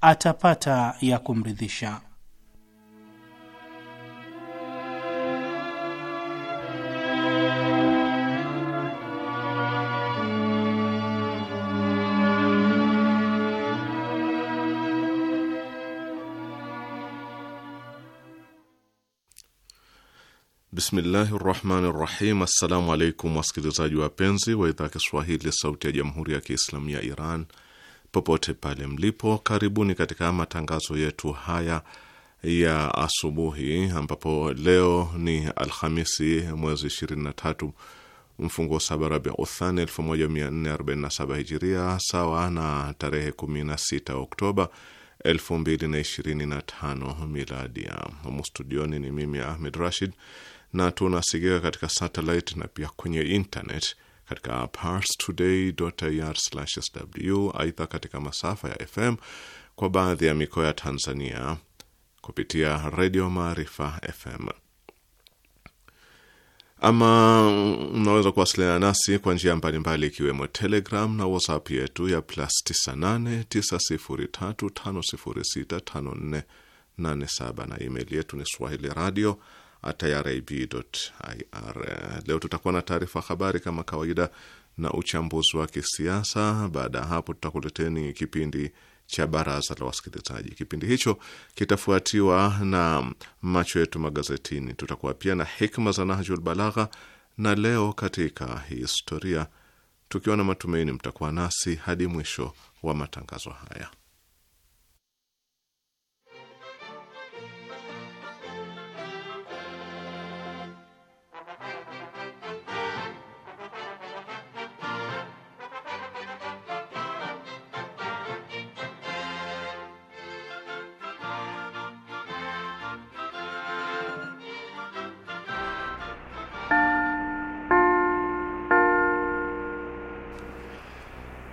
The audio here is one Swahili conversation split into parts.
atapata ya kumridhisha. Bismillahi rahmani rahim. Assalamu alaikum wasikilizaji wapenzi wa idhaa ya Kiswahili, sauti ya jamhuri ya kiislamu ya Iran popote pale mlipo, karibuni katika matangazo yetu haya ya asubuhi, ambapo leo ni Alhamisi mwezi 23 mfungo saba Rabi Uthani 1447 hijiria sawa na tarehe 16 Oktoba 2025 miladi. Humu studioni ni mimi Ahmed Rashid, na tunasikika katika satellite na pia kwenye internet katika parstoday.ir/sw. Aidha, katika masafa ya FM kwa baadhi ya mikoa ya Tanzania kupitia Redio Maarifa FM. Ama unaweza kuwasiliana nasi kwa njia mbalimbali ikiwemo Telegram na WhatsApp yetu ya plus 989035065487 na email yetu ni swahili radio irib.ir. Leo tutakuwa na taarifa habari kama kawaida na uchambuzi wa kisiasa. Baada ya hapo, tutakuleteni kipindi cha baraza la wasikilizaji. Kipindi hicho kitafuatiwa na macho yetu magazetini. Tutakuwa pia na hikma za Nahjul Balagha na leo katika historia, tukiwa na matumaini mtakuwa nasi hadi mwisho wa matangazo haya.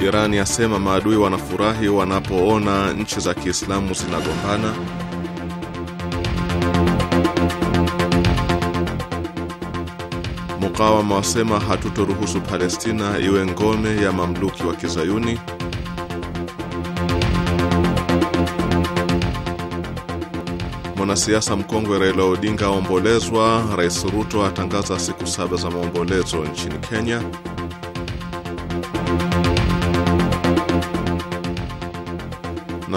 Iran yasema maadui wanafurahi wanapoona nchi za Kiislamu zinagombana. Mukawama wasema hatutoruhusu Palestina iwe ngome ya mamluki wa Kizayuni. Mwanasiasa mkongwe Raila Odinga aombolezwa. Rais Ruto atangaza siku saba za maombolezo nchini Kenya.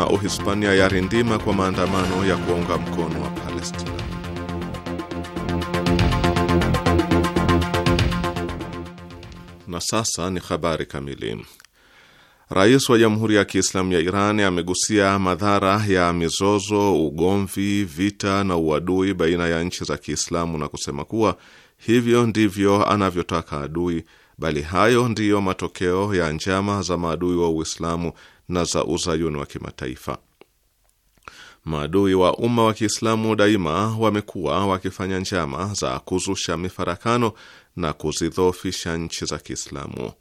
na Uhispania yarindima kwa maandamano ya kuunga mkono wa Palestina. Na sasa ni habari kamili. Rais wa Jamhuri ya Kiislamu ya Iran amegusia madhara ya mizozo, ugomvi, vita na uadui baina ya nchi za Kiislamu na kusema kuwa hivyo ndivyo anavyotaka adui, bali hayo ndiyo matokeo ya njama za maadui wa Uislamu na za uzayuni wa kimataifa. Maadui wa umma wa Kiislamu daima wamekuwa wakifanya njama za kuzusha mifarakano na kuzidhoofisha nchi za Kiislamu.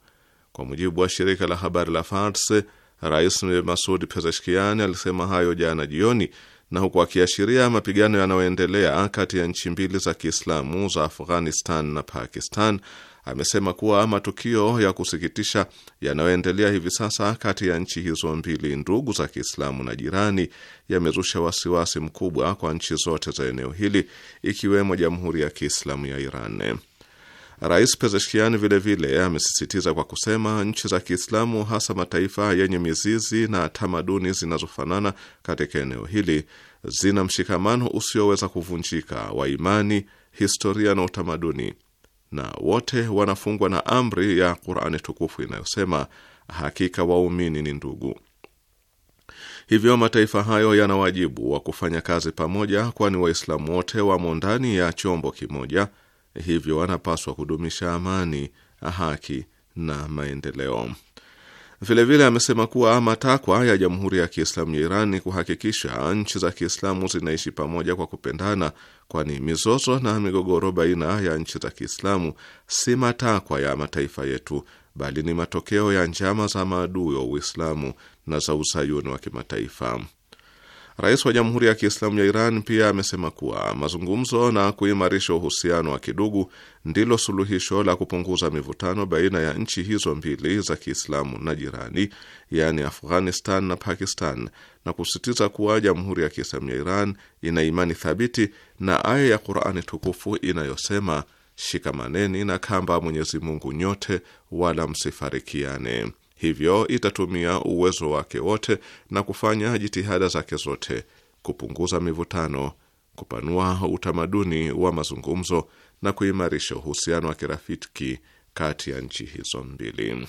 Kwa mujibu wa shirika la habari la Fars, Rais Masud Pezeshkian alisema hayo jana jioni, na huku akiashiria mapigano yanayoendelea kati ya nchi mbili za Kiislamu za Afghanistan na Pakistan amesema kuwa matukio ya kusikitisha yanayoendelea hivi sasa kati ya nchi hizo mbili ndugu za Kiislamu na jirani yamezusha wasiwasi mkubwa kwa nchi zote za eneo hili ikiwemo Jamhuri ya Kiislamu ya Iran. Rais Pezeshkian vilevile amesisitiza kwa kusema nchi za Kiislamu, hasa mataifa yenye mizizi na tamaduni zinazofanana katika eneo hili, zina mshikamano usioweza kuvunjika wa imani, historia na utamaduni na wote wanafungwa na amri ya Qur'ani tukufu inayosema hakika waumini ni ndugu. Hivyo mataifa hayo yana wajibu wa kufanya kazi pamoja, kwani Waislamu wote wamo ndani ya chombo kimoja, hivyo wanapaswa kudumisha amani, haki na maendeleo. Vilevile amesema kuwa matakwa ya Jamhuri ya Kiislamu ya Iran ni kuhakikisha nchi za Kiislamu zinaishi pamoja kwa kupendana, kwani mizozo na migogoro baina ya nchi za Kiislamu si matakwa ya mataifa yetu, bali ni matokeo ya njama za maadui wa Uislamu na za usayuni wa kimataifa. Rais wa Jamhuri ya Kiislamu ya Iran pia amesema kuwa mazungumzo na kuimarisha uhusiano wa kidugu ndilo suluhisho la kupunguza mivutano baina ya nchi hizo mbili za Kiislamu na jirani, yaani Afghanistan na Pakistan, na kusisitiza kuwa Jamhuri ya Kiislamu ya Iran ina imani thabiti na aya ya Qur'ani tukufu inayosema, shikamaneni na kamba Mwenyezi Mungu nyote wala msifarikiane hivyo itatumia uwezo wake wote na kufanya jitihada zake zote kupunguza mivutano, kupanua utamaduni wa mazungumzo na kuimarisha uhusiano wa kirafiki kati ya nchi hizo mbili.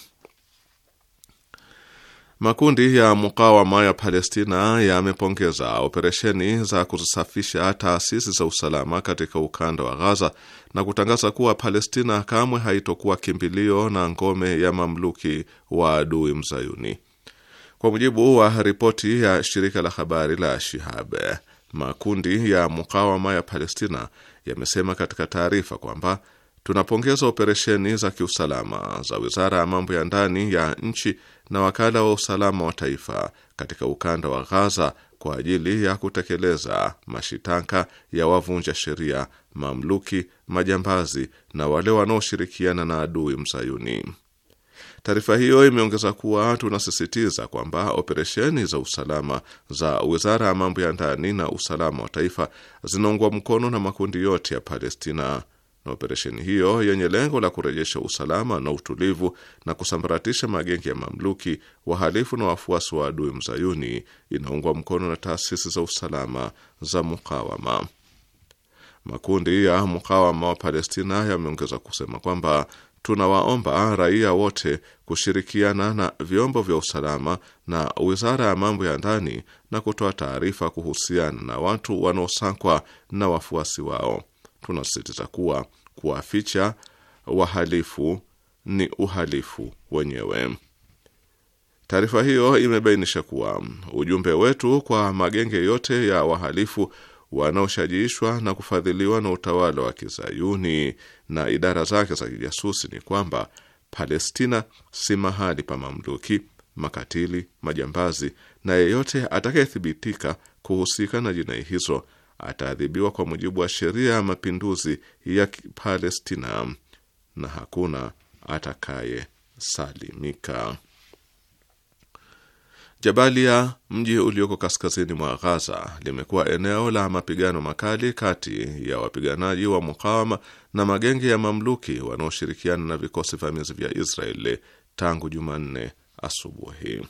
Makundi ya mukawama ya Palestina yamepongeza operesheni za kuzisafisha taasisi za usalama katika ukanda wa Ghaza na kutangaza kuwa Palestina kamwe haitokuwa kimbilio na ngome ya mamluki wa adui mzayuni. Kwa mujibu wa ripoti ya shirika la habari la Shihab, makundi ya mukawama ya Palestina yamesema katika taarifa kwamba tunapongeza operesheni za kiusalama za wizara ya mambo ya ndani ya nchi na wakala wa usalama wa taifa katika ukanda wa Ghaza kwa ajili ya kutekeleza mashitaka ya wavunja sheria, mamluki, majambazi na wale wanaoshirikiana na adui mzayuni. Taarifa hiyo imeongeza kuwa tunasisitiza kwamba operesheni za usalama za wizara ya mambo ya ndani na usalama wa taifa zinaungwa mkono na makundi yote ya Palestina na operesheni hiyo yenye lengo la kurejesha usalama na utulivu na kusambaratisha magenge ya mamluki, wahalifu na wafuasi wa adui mzayuni inaungwa mkono na taasisi za usalama za mukawama. Makundi ya mukawama wa Palestina yameongeza kusema kwamba tunawaomba raia wote kushirikiana na vyombo vya usalama na wizara ya mambo ya ndani na kutoa taarifa kuhusiana na watu wanaosakwa na wafuasi wao tunasisitiza kuwa kuwaficha wahalifu ni uhalifu wenyewe. Taarifa hiyo imebainisha kuwa ujumbe wetu kwa magenge yote ya wahalifu wanaoshajiishwa na kufadhiliwa na utawala wa kizayuni na idara zake za kijasusi ni kwamba Palestina si mahali pa mamluki, makatili, majambazi na yeyote atakayethibitika kuhusika na jinai hizo ataadhibiwa kwa mujibu wa sheria ya mapinduzi ya Palestina na hakuna atakayesalimika. Jabalia, mji ulioko kaskazini mwa Ghaza, limekuwa eneo la mapigano makali kati ya wapiganaji wa mukawama na magenge ya mamluki wanaoshirikiana na vikosi vamizi vya Israeli tangu Jumanne asubuhi.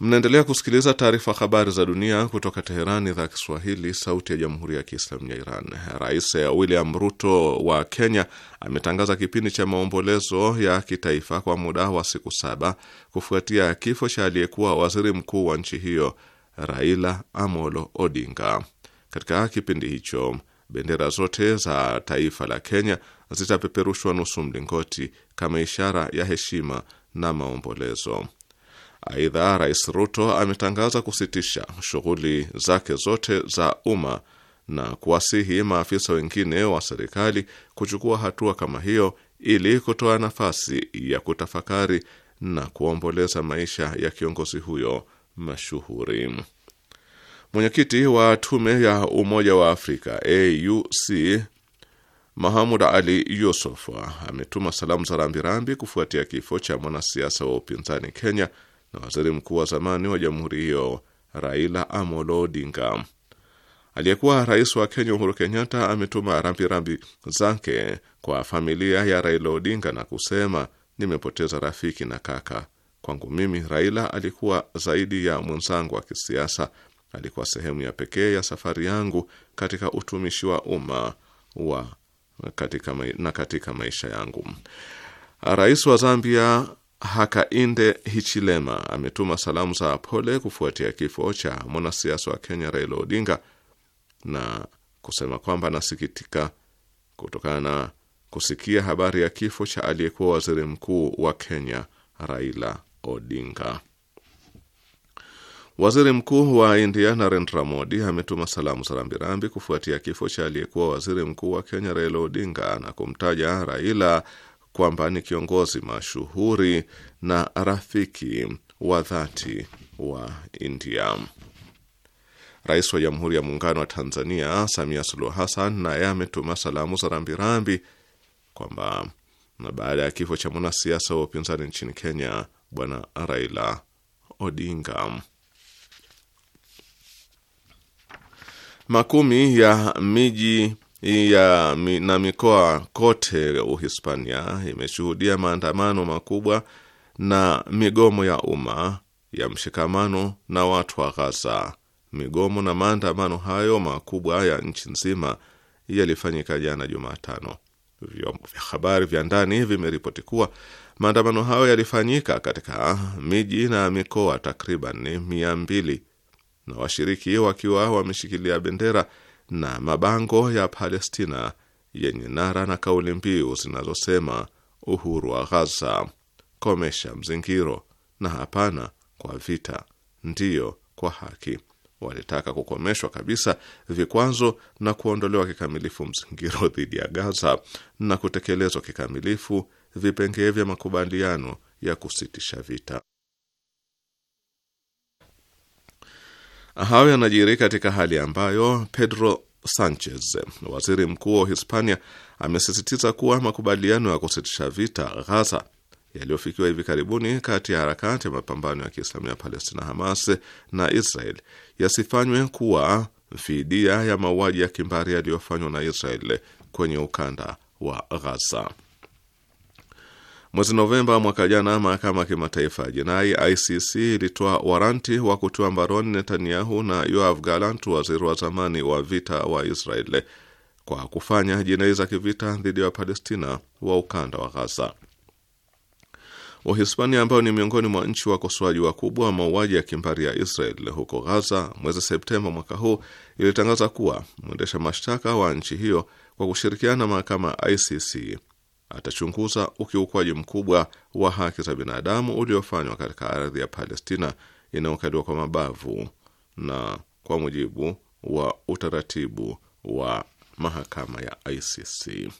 Mnaendelea kusikiliza taarifa habari za dunia kutoka Teherani, idhaa ya Kiswahili, sauti ya jamhuri ya kiislamu ya Iran. Rais William Ruto wa Kenya ametangaza kipindi cha maombolezo ya kitaifa kwa muda wa siku saba kufuatia kifo cha aliyekuwa waziri mkuu wa nchi hiyo Raila Amolo Odinga. Katika kipindi hicho bendera zote za taifa la Kenya zitapeperushwa nusu mlingoti kama ishara ya heshima na maombolezo. Aidha, Rais Ruto ametangaza kusitisha shughuli zake zote za umma na kuwasihi maafisa wengine wa serikali kuchukua hatua kama hiyo ili kutoa nafasi ya kutafakari na kuomboleza maisha ya kiongozi huyo mashuhuri. Mwenyekiti wa tume ya Umoja wa Afrika AUC Mahamud Ali Yusuf ametuma salamu za rambirambi kufuatia kifo cha mwanasiasa wa upinzani Kenya na waziri mkuu wa zamani wa jamhuri hiyo Raila Amolo Odinga. Aliyekuwa rais wa Kenya Uhuru Kenyatta ametuma rambirambi zake kwa familia ya Raila Odinga na kusema, nimepoteza rafiki na kaka. Kwangu mimi Raila alikuwa zaidi ya mwenzangu wa kisiasa, alikuwa sehemu ya pekee ya safari yangu katika utumishi wa umma wa katika na katika maisha yangu. Rais wa Zambia Hakainde Hichilema ametuma salamu za pole kufuatia kifo cha mwanasiasa wa Kenya Raila Odinga na kusema kwamba anasikitika kutokana na kusikia habari ya kifo cha aliyekuwa waziri mkuu wa Kenya Raila Odinga. Waziri mkuu wa India Narendra Modi ametuma salamu za rambirambi kufuatia kifo cha aliyekuwa waziri mkuu wa Kenya Raila Odinga na kumtaja Raila kwamba ni kiongozi mashuhuri na rafiki wa dhati wa India. Rais wa Jamhuri ya Muungano wa Tanzania Samia Suluhu Hassan naye ametuma salamu za rambirambi kwamba na baada ya kifo cha mwanasiasa wa upinzani nchini Kenya Bwana Raila Odinga. Makumi ya miji ya na mikoa kote Uhispania imeshuhudia maandamano makubwa na migomo ya umma ya mshikamano na watu wa Ghaza. Migomo na maandamano hayo makubwa ya nchi nzima yalifanyika jana Jumatano. Vyombo vya habari vya ndani vimeripoti kuwa maandamano hayo yalifanyika katika miji na mikoa takriban mia mbili na washiriki wakiwa wameshikilia bendera na mabango ya Palestina yenye nara na kauli mbiu zinazosema uhuru wa Ghaza, komesha mzingiro na hapana kwa vita, ndiyo kwa haki. Walitaka kukomeshwa kabisa vikwazo na kuondolewa kikamilifu mzingiro dhidi ya Gaza na kutekelezwa kikamilifu vipengee vya makubaliano ya kusitisha vita. Hayo yanajiri katika hali ambayo Pedro Sanchez, waziri mkuu wa Hispania, amesisitiza kuwa makubaliano ya kusitisha vita Ghaza yaliyofikiwa hivi karibuni kati ya harakati ya mapambano ya Kiislamu ya Palestina, Hamas, na Israel yasifanywe kuwa fidia ya mauaji ya kimbari yaliyofanywa na Israel kwenye ukanda wa Ghaza. Mwezi Novemba mwaka jana, mahakama ya kimataifa ya jinai ICC ilitoa waranti wa kutiwa mbaroni Netanyahu na Yoav Galant, waziri wa zamani wa vita wa Israeli, kwa kufanya jinai za kivita dhidi ya Wapalestina wa ukanda wa Ghaza. Uhispania ambayo ni miongoni mwa nchi wakosoaji wakubwa wa mauaji ya kimbari ya Israel huko Ghaza, mwezi Septemba mwaka huu ilitangaza kuwa mwendesha mashtaka wa nchi hiyo kwa kushirikiana na mahakama ICC atachunguza ukiukwaji mkubwa wa haki za binadamu uliofanywa katika ardhi ya Palestina inayokaliwa kwa mabavu na kwa mujibu wa utaratibu wa mahakama ya ICC.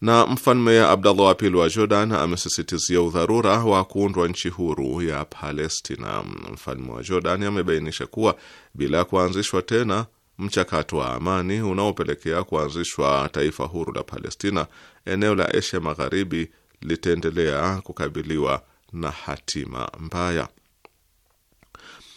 Na mfalme ya Abdallah wa pili wa Jordan amesisitizia udharura wa kuundwa nchi huru ya Palestina. Mfalme wa Jordan amebainisha kuwa bila ya kuanzishwa tena mchakato wa amani unaopelekea kuanzishwa taifa huru la Palestina, eneo la Asia Magharibi litaendelea kukabiliwa na hatima mbaya.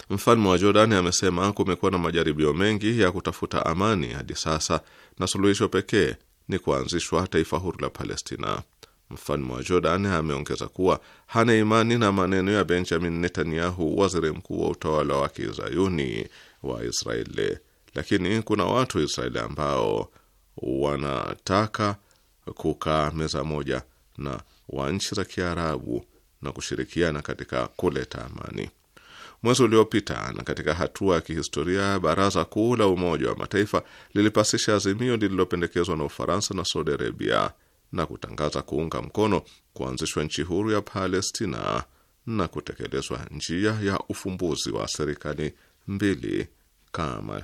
Mfalme wa jordan amesema kumekuwa na majaribio mengi ya kutafuta amani hadi sasa, na suluhisho pekee ni kuanzishwa taifa huru la Palestina. Mfalme wa Jordan ameongeza kuwa hana imani na maneno ya Benjamin Netanyahu, waziri mkuu wa utawala wa kizayuni wa Israeli lakini kuna watu wa Israeli ambao wanataka kukaa meza moja na wa nchi za Kiarabu na kushirikiana katika kuleta amani. Mwezi uliopita na katika hatua ya kihistoria, Baraza Kuu la Umoja wa Mataifa lilipasisha azimio lililopendekezwa na Ufaransa na Saudi Arabia na kutangaza kuunga mkono kuanzishwa nchi huru ya Palestina na kutekelezwa njia ya ufumbuzi wa serikali mbili kama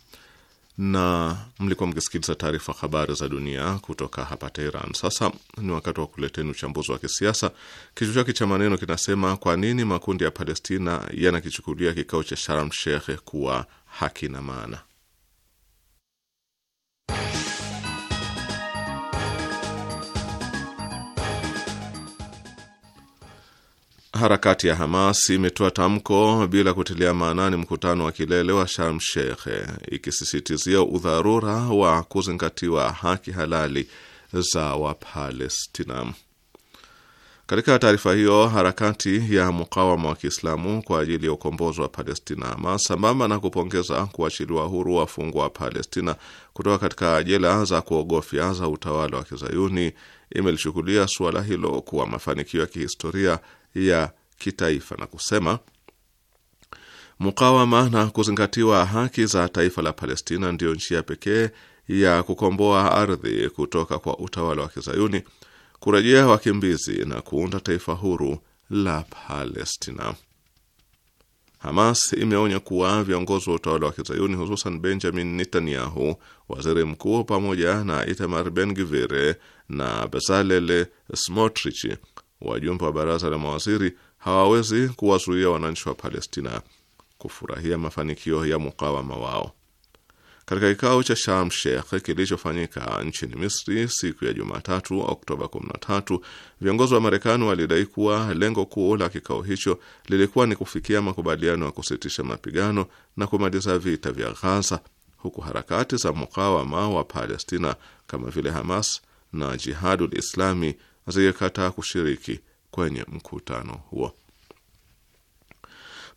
na mlikuwa mkisikiliza taarifa habari za dunia kutoka hapa Teheran. Sasa ni wakati wa kuleteni uchambuzi wa kisiasa. Kichwa chake cha maneno kinasema kwa nini makundi ya Palestina yanakichukulia kikao cha Sharm Sheikh kuwa haki na maana. harakati ya Hamas imetoa tamko bila kutilia maanani mkutano wa kilele wa Sharm Sheikh, ikisisitizia udharura wa kuzingatiwa haki halali za Wapalestina. Katika taarifa hiyo, harakati ya mukawama wa Kiislamu kwa ajili ya ukombozi wa Palestina, Hamas, sambamba na kupongeza kuachiliwa huru wafungwa wa Palestina kutoka katika jela za kuogofya za utawala wa Kizayuni, imelichukulia suala hilo kuwa mafanikio ya kihistoria ya kitaifa na kusema mukawama na kuzingatiwa haki za taifa la Palestina ndiyo njia pekee ya kukomboa ardhi kutoka kwa utawala wa Kizayuni, kurejea wakimbizi na kuunda taifa huru la Palestina. Hamas imeonya kuwa viongozi wa utawala wa Kizayuni, hususan Benjamin Netanyahu, waziri mkuu, pamoja na Itamar Ben Gvir na Bezalel Smotrich wajumbe wa baraza la mawaziri hawawezi kuwazuia wananchi wa Palestina kufurahia mafanikio ya mukawama wao. Katika kikao cha Sharm Sheikh kilichofanyika nchini Misri siku ya Jumatatu, Oktoba 13, viongozi wa Marekani walidai kuwa lengo kuu la kikao hicho lilikuwa ni kufikia makubaliano ya kusitisha mapigano na kumaliza vita vya Ghaza, huku harakati za mukawama wa Palestina kama vile Hamas na Jihadul Islami zilikataa kushiriki kwenye mkutano huo.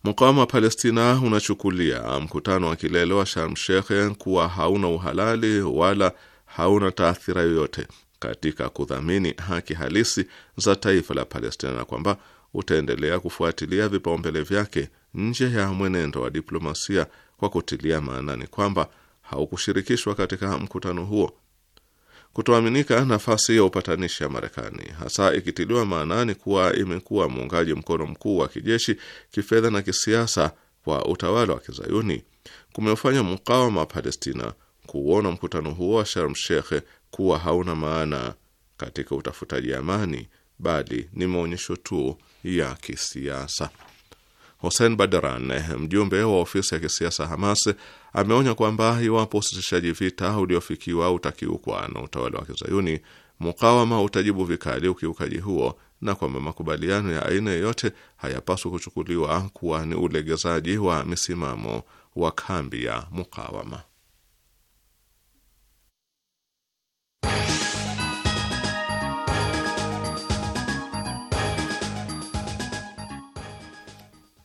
Mukawama wa Palestina unachukulia mkutano wa kilele wa Sharm Sheikh kuwa hauna uhalali wala hauna taathira yoyote katika kudhamini haki halisi za taifa la Palestina na kwamba utaendelea kufuatilia vipaumbele vyake nje ya mwenendo wa diplomasia kwa kutilia maanani kwamba haukushirikishwa katika mkutano huo kutoaminika nafasi ya upatanishi ya Marekani, hasa ikitiliwa maanani kuwa imekuwa muungaji mkono mkuu wa kijeshi, kifedha na kisiasa wa utawala wa kizayuni kumefanya mkawama wa Palestina kuuona mkutano huo wa Sharm Sheikh kuwa hauna maana katika utafutaji amani, bali ni maonyesho tu ya kisiasa. Hossein Badran, mjumbe wa ofisi ya kisiasa Hamas, ameonya kwamba iwapo usitishaji vita uliofikiwa utakiukwa na utawala wa Kizayuni, mukawama utajibu vikali ukiukaji huo na kwamba makubaliano ya aina yoyote hayapaswi kuchukuliwa kuwa ni ulegezaji wa misimamo wa kambi ya mukawama.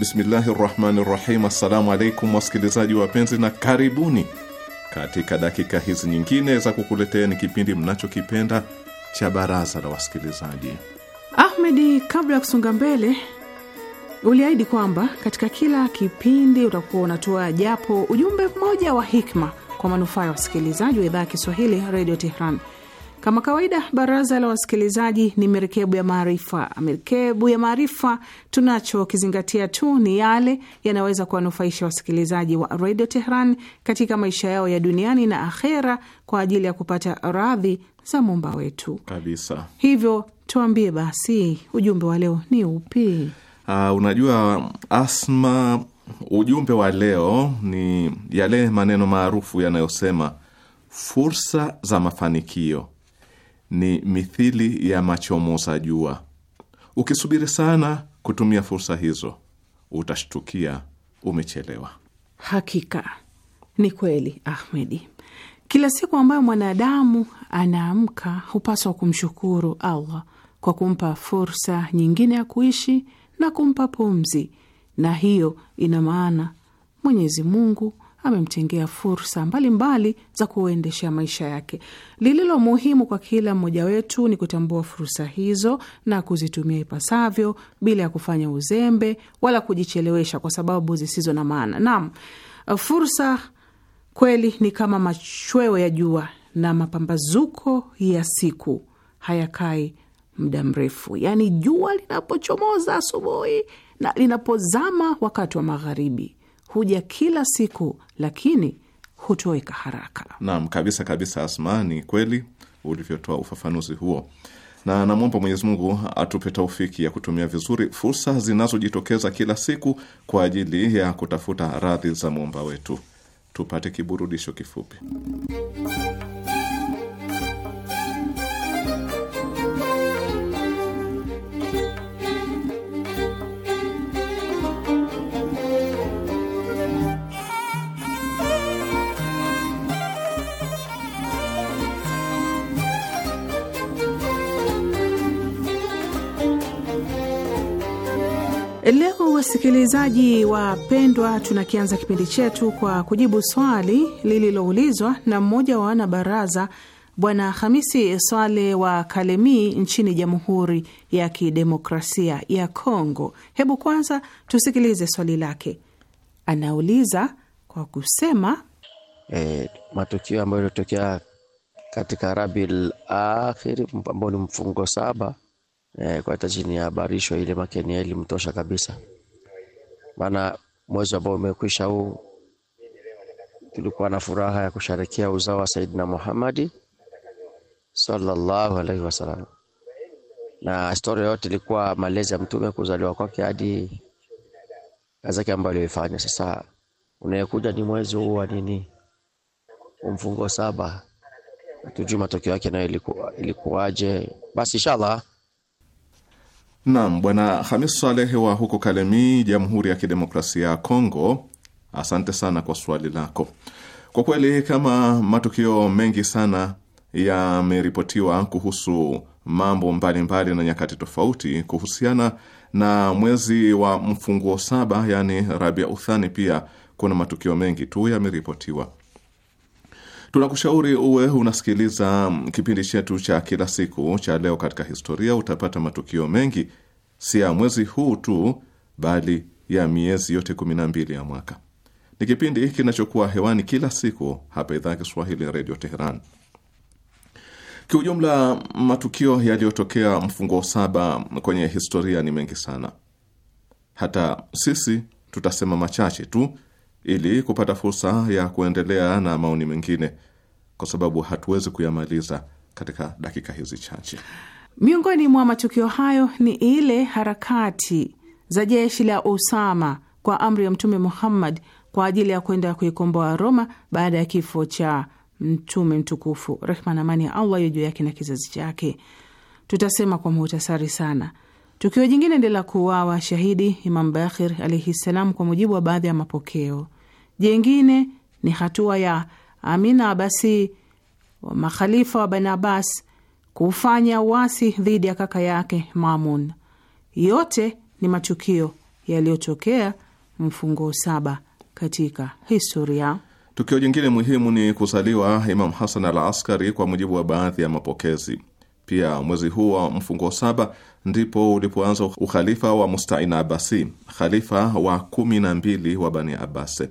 Bismillahi rahmani rahim. Assalamu alaikum wasikilizaji wapenzi, na karibuni katika dakika hizi nyingine za kukuletea ni kipindi mnachokipenda cha baraza la wasikilizaji. Ahmedi, kabla ya kusonga mbele, uliahidi kwamba katika kila kipindi utakuwa unatoa japo ujumbe mmoja wa hikma kwa manufaa ya wasikilizaji wa idhaa ya Kiswahili, Radio Tehran. Kama kawaida, baraza la wasikilizaji ni merekebu ya maarifa. Merekebu ya maarifa, tunachokizingatia tu ni yale yanaweza kuwanufaisha wasikilizaji wa redio Tehran katika maisha yao ya duniani na akhera, kwa ajili ya kupata radhi za mumba wetu kabisa. Hivyo tuambie basi, ujumbe wa leo ni upi? Uh, unajua Asma, ujumbe wa leo ni yale maneno maarufu yanayosema fursa za mafanikio ni mithili ya machomoza jua. Ukisubiri sana kutumia fursa hizo, utashtukia umechelewa. Hakika ni kweli, Ahmedi. Kila siku ambayo mwanadamu anaamka hupaswa kumshukuru Allah kwa kumpa fursa nyingine ya kuishi na kumpa pumzi, na hiyo ina maana Mwenyezi Mungu amemtengea fursa mbalimbali mbali za kuendesha maisha yake. Lililo muhimu kwa kila mmoja wetu ni kutambua fursa hizo na kuzitumia ipasavyo bila ya kufanya uzembe wala kujichelewesha kwa sababu zisizo na maana. Naam, fursa kweli ni kama machweo ya jua na mapambazuko ya siku hayakai muda mrefu. Yaani jua linapochomoza asubuhi na linapozama wakati wa magharibi huja kila siku, lakini hutoweka haraka. Naam, kabisa kabisa, Asmani, kweli ulivyotoa ufafanuzi huo, na namwomba Mwenyezi Mungu atupe taufiki ya kutumia vizuri fursa zinazojitokeza kila siku kwa ajili ya kutafuta radhi za muumba wetu. Tupate kiburudisho kifupi. wasikilizaji wapendwa, tunakianza kipindi chetu kwa kujibu swali lililoulizwa na mmoja wa wanabaraza Bwana Hamisi Swale wa Kalemi nchini Jamhuri ya Kidemokrasia ya Kongo. Hebu kwanza tusikilize swali lake. Anauliza kwa kusema e, matukio ambayo yalitokea katika Rabiul Akhir ambao ni mfungo saba e, kwa hata chini ya habarisho ile makenia ilimtosha kabisa maana mwezi ambao umekwisha huu tulikuwa na furaha ya kusherekea uzao wa Saidina Muhammadi sallallahu alaihi wasallam, na historia yote ilikuwa malezi ya mtume kuzaliwa kwake hadi kazi yake ambayo aliyoifanya. Sasa unayekuja ni mwezi huu wa nini, umfungo saba, tujue matokeo yake nayo ilikuwaje. Basi inshallah Naam, Bwana Hamis saleh wa huko Kalemi, Jamhuri ya Kidemokrasia ya Kongo, asante sana kwa swali lako. Kwa kweli kama matukio mengi sana yameripotiwa kuhusu mambo mbalimbali mbali na nyakati tofauti kuhusiana na mwezi wa mfunguo saba, yaani Rabia Uthani, pia kuna matukio mengi tu yameripotiwa. Tunakushauri uwe unasikiliza mm, kipindi chetu cha kila siku cha Leo katika Historia. Utapata matukio mengi, si ya mwezi huu tu, bali ya miezi yote kumi na mbili ya mwaka. Ni kipindi kinachokuwa hewani kila siku hapa Idhaa ya Kiswahili ya Redio Teheran. Kiujumla, matukio yaliyotokea mfungo saba kwenye historia ni mengi sana. Hata sisi tutasema machache tu ili kupata fursa ya kuendelea na maoni mengine, kwa sababu hatuwezi kuyamaliza katika dakika hizi chache. Miongoni mwa matukio hayo ni ile harakati za jeshi la Usama kwa amri ya Mtume Muhammad kwa ajili ya kwenda kuikomboa Roma baada ya kifo cha Mtume mtukufu, rehma na amani ya Allah juu yake na kizazi chake. Tutasema kwa muhtasari sana. Tukio jingine ndi la kuuawa shahidi Imam Bakir alaihi ssalam, kwa mujibu wa baadhi ya mapokeo. Jengine ni hatua ya Amina Abasi wa makhalifa wa Bani Abbas kufanya uasi dhidi ya kaka yake Mamun. Yote ni matukio yaliyotokea mfungo saba katika historia. Tukio jingine muhimu ni kuzaliwa Imam Hasan al Askari kwa mujibu wa baadhi ya mapokezi. Pia mwezi huu wa mfungo saba ndipo ulipoanza ukhalifa wa Mustaina Abasi, khalifa wa kumi na mbili wa Bani Abase.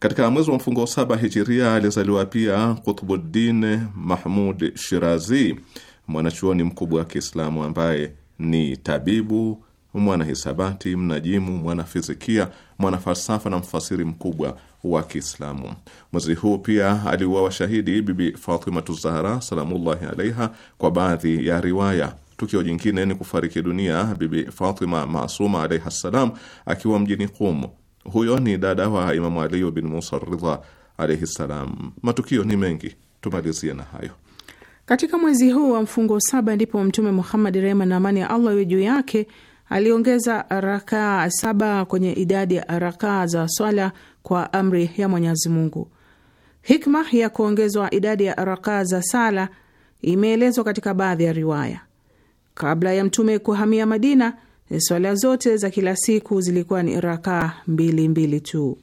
Katika mwezi wa mfungo saba hijiria alizaliwa pia Kutbuddin Mahmud Shirazi, mwanachuoni mkubwa wa Kiislamu ambaye ni tabibu, mwanahisabati, mnajimu, mwanafizikia, mwanafalsafa na mfasiri mkubwa wa Kiislamu. Mwezi huu pia aliuawa shahidi Bibi Fatimatu Zahra salamullahi alaiha kwa baadhi ya riwaya. Tukio jingine ni kufariki dunia Bibi Fatima Masuma alaihi ssalam akiwa mjini Qum huyo ni dada wa Imamu Ali bin Musa Ridha alaihi ssalam Matukio ni mengi, tumalizie na hayo. Katika mwezi huu wa mfungo saba ndipo Mtume Muhammad, rehma na amani ya Allah iwe juu yake, aliongeza rakaa saba kwenye idadi ya rakaa za swala kwa amri ya Mwenyezi Mungu. Hikma ya kuongezwa idadi ya rakaa za sala imeelezwa katika baadhi ya riwaya. Kabla ya Mtume kuhamia Madina, Eh, swala zote za kila siku zilikuwa ni rakaa mbili mbili tu.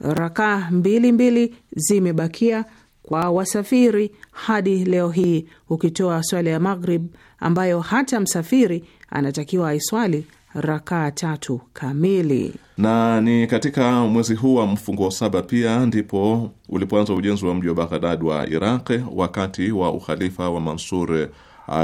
Rakaa mbili mbili zimebakia kwa wasafiri hadi leo hii, ukitoa swala ya Maghrib ambayo hata msafiri anatakiwa aiswali rakaa tatu kamili. Na ni katika mwezi huu wa mfungo saba pia ndipo ulipoanza ujenzi wa mji wa Baghdad wa Iraq wakati wa ukhalifa wa Mansur uh,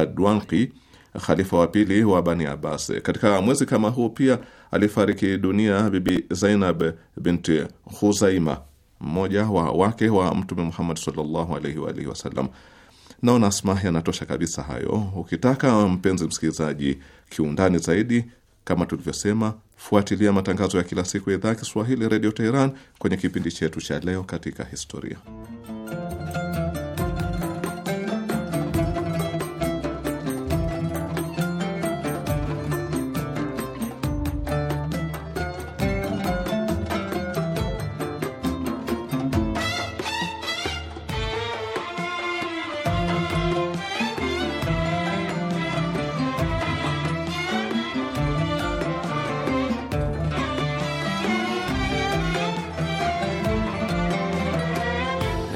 khalifa wa pili wa Bani Abbas. Katika mwezi kama huu pia alifariki dunia Bibi Zainab binti Huzaima, mmoja wa wake wa Mtume Muhammad sallallahu alaihi wa alihi wasallam. Naona Asma yanatosha kabisa hayo. Ukitaka mpenzi msikilizaji, kiundani zaidi, kama tulivyosema, fuatilia matangazo ya kila siku ya idhaa Kiswahili Redio Teheran kwenye kipindi chetu cha leo katika historia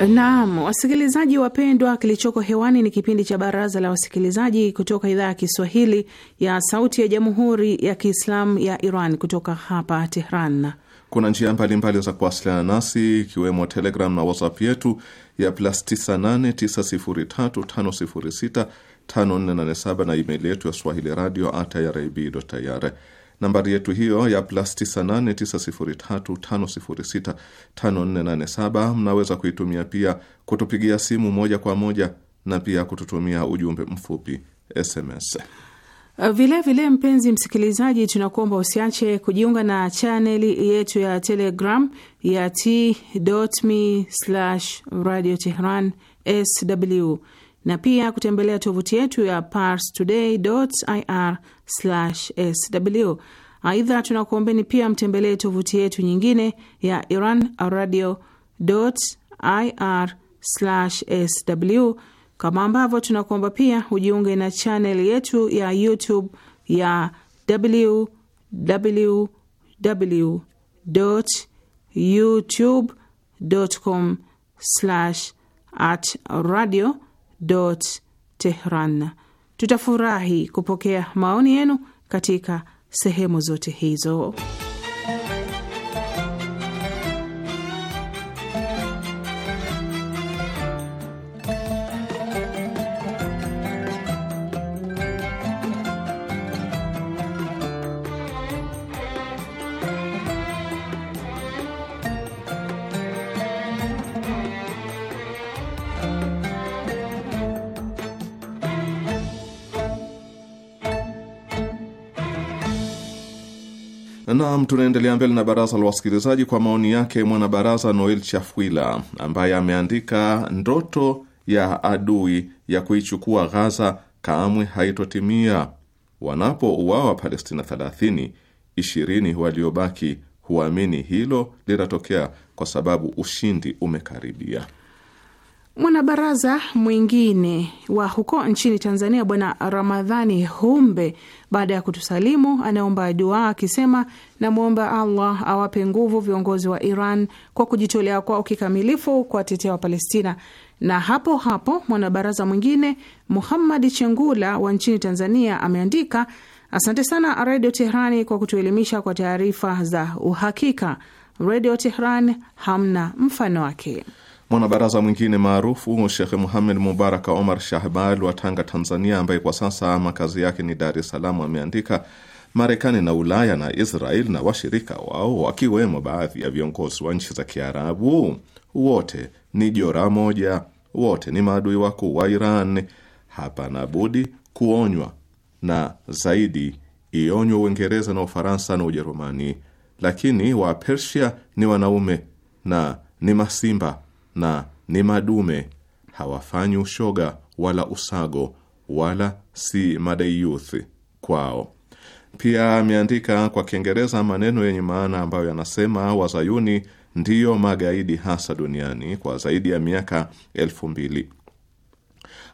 Naam, wasikilizaji wapendwa, kilichoko hewani ni kipindi cha Baraza la Wasikilizaji kutoka idhaa ya Kiswahili ya Sauti ya Jamhuri ya Kiislamu ya Iran kutoka hapa Tehran. Kuna njia mbalimbali za kuwasiliana nasi ikiwemo Telegram na WhatsApp yetu ya plus 989035065487 na email yetu ya swahili radio at irib.ir. Nambari yetu hiyo ya plus 989035065487 mnaweza kuitumia pia kutupigia simu moja kwa moja na pia kututumia ujumbe mfupi SMS. Uh, Vilevile vile, mpenzi msikilizaji, tunakuomba usiache kujiunga na chaneli yetu ya Telegram ya t.me radio Tehran sw na pia kutembelea tovuti yetu ya parstoday.ir/sw. Aidha, tunakuombeni pia mtembelee tovuti yetu nyingine ya Iran radio ir sw, kama ambavyo tunakuomba pia ujiunge na chaneli yetu ya YouTube ya www youtube.com at radio Tehran. Tutafurahi kupokea maoni yenu katika sehemu zote hizo. Naam, tunaendelea mbele na baraza la wasikilizaji kwa maoni yake mwanabaraza Noel Chafwila ambaye ameandika, ndoto ya adui ya kuichukua Ghaza kamwe haitotimia. Wanapouawa Palestina 30, 20 waliobaki huamini hilo litatokea kwa sababu ushindi umekaribia. Mwanabaraza mwingine wa huko nchini Tanzania, Bwana Ramadhani Humbe, baada ya kutusalimu, anaomba dua akisema, namwomba Allah awape nguvu viongozi wa Iran kwa kujitolea kwao kikamilifu kuwatetea Wapalestina. Na hapo hapo mwanabaraza mwingine Muhammad Chengula wa nchini Tanzania ameandika, asante sana Redio Tehrani kwa kutuelimisha kwa taarifa za uhakika. Redio Tehran hamna mfano wake. Mwanabaraza mwingine maarufu Shekhe Muhamed Mubaraka Omar Shahbal wa Tanga, Tanzania, ambaye kwa sasa makazi yake ni Dar es Salaam, ameandika Marekani na Ulaya na Israel na washirika wao wakiwemo baadhi ya viongozi wa nchi za Kiarabu, wote ni jora moja, wote ni maadui wakuu wa Iran. Hapana budi kuonywa, na zaidi ionywe Uingereza na Ufaransa na Ujerumani, lakini Wapersia ni wanaume na ni masimba na ni madume, hawafanyi ushoga wala usago wala si madayuthi kwao. Pia ameandika kwa Kiingereza maneno yenye maana ambayo yanasema wazayuni ndiyo magaidi hasa duniani kwa zaidi ya miaka elfu mbili.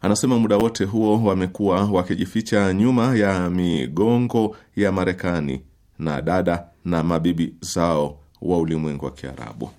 Anasema muda wote huo wamekuwa wakijificha nyuma ya migongo ya Marekani na dada na mabibi zao wa ulimwengu wa Kiarabu.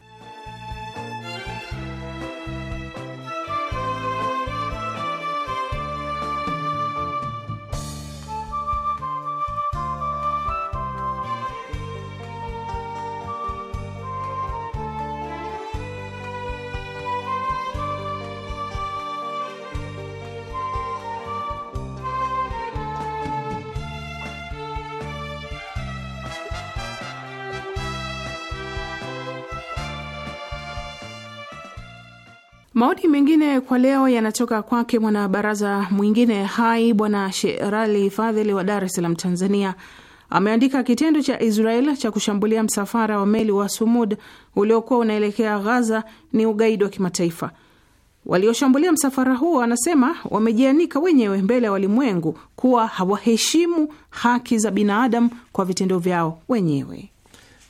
Maoni mengine kwa leo yanatoka kwake mwanabaraza mwingine hai Bwana Sherali Fadhili wa Dar es Salaam, Tanzania. Ameandika, kitendo cha Israel cha kushambulia msafara wa meli wa Sumud uliokuwa unaelekea Ghaza ni ugaidi wa kimataifa. Walioshambulia msafara huo wanasema wamejianika wenyewe mbele ya walimwengu kuwa hawaheshimu haki za binadamu kwa vitendo vyao wenyewe.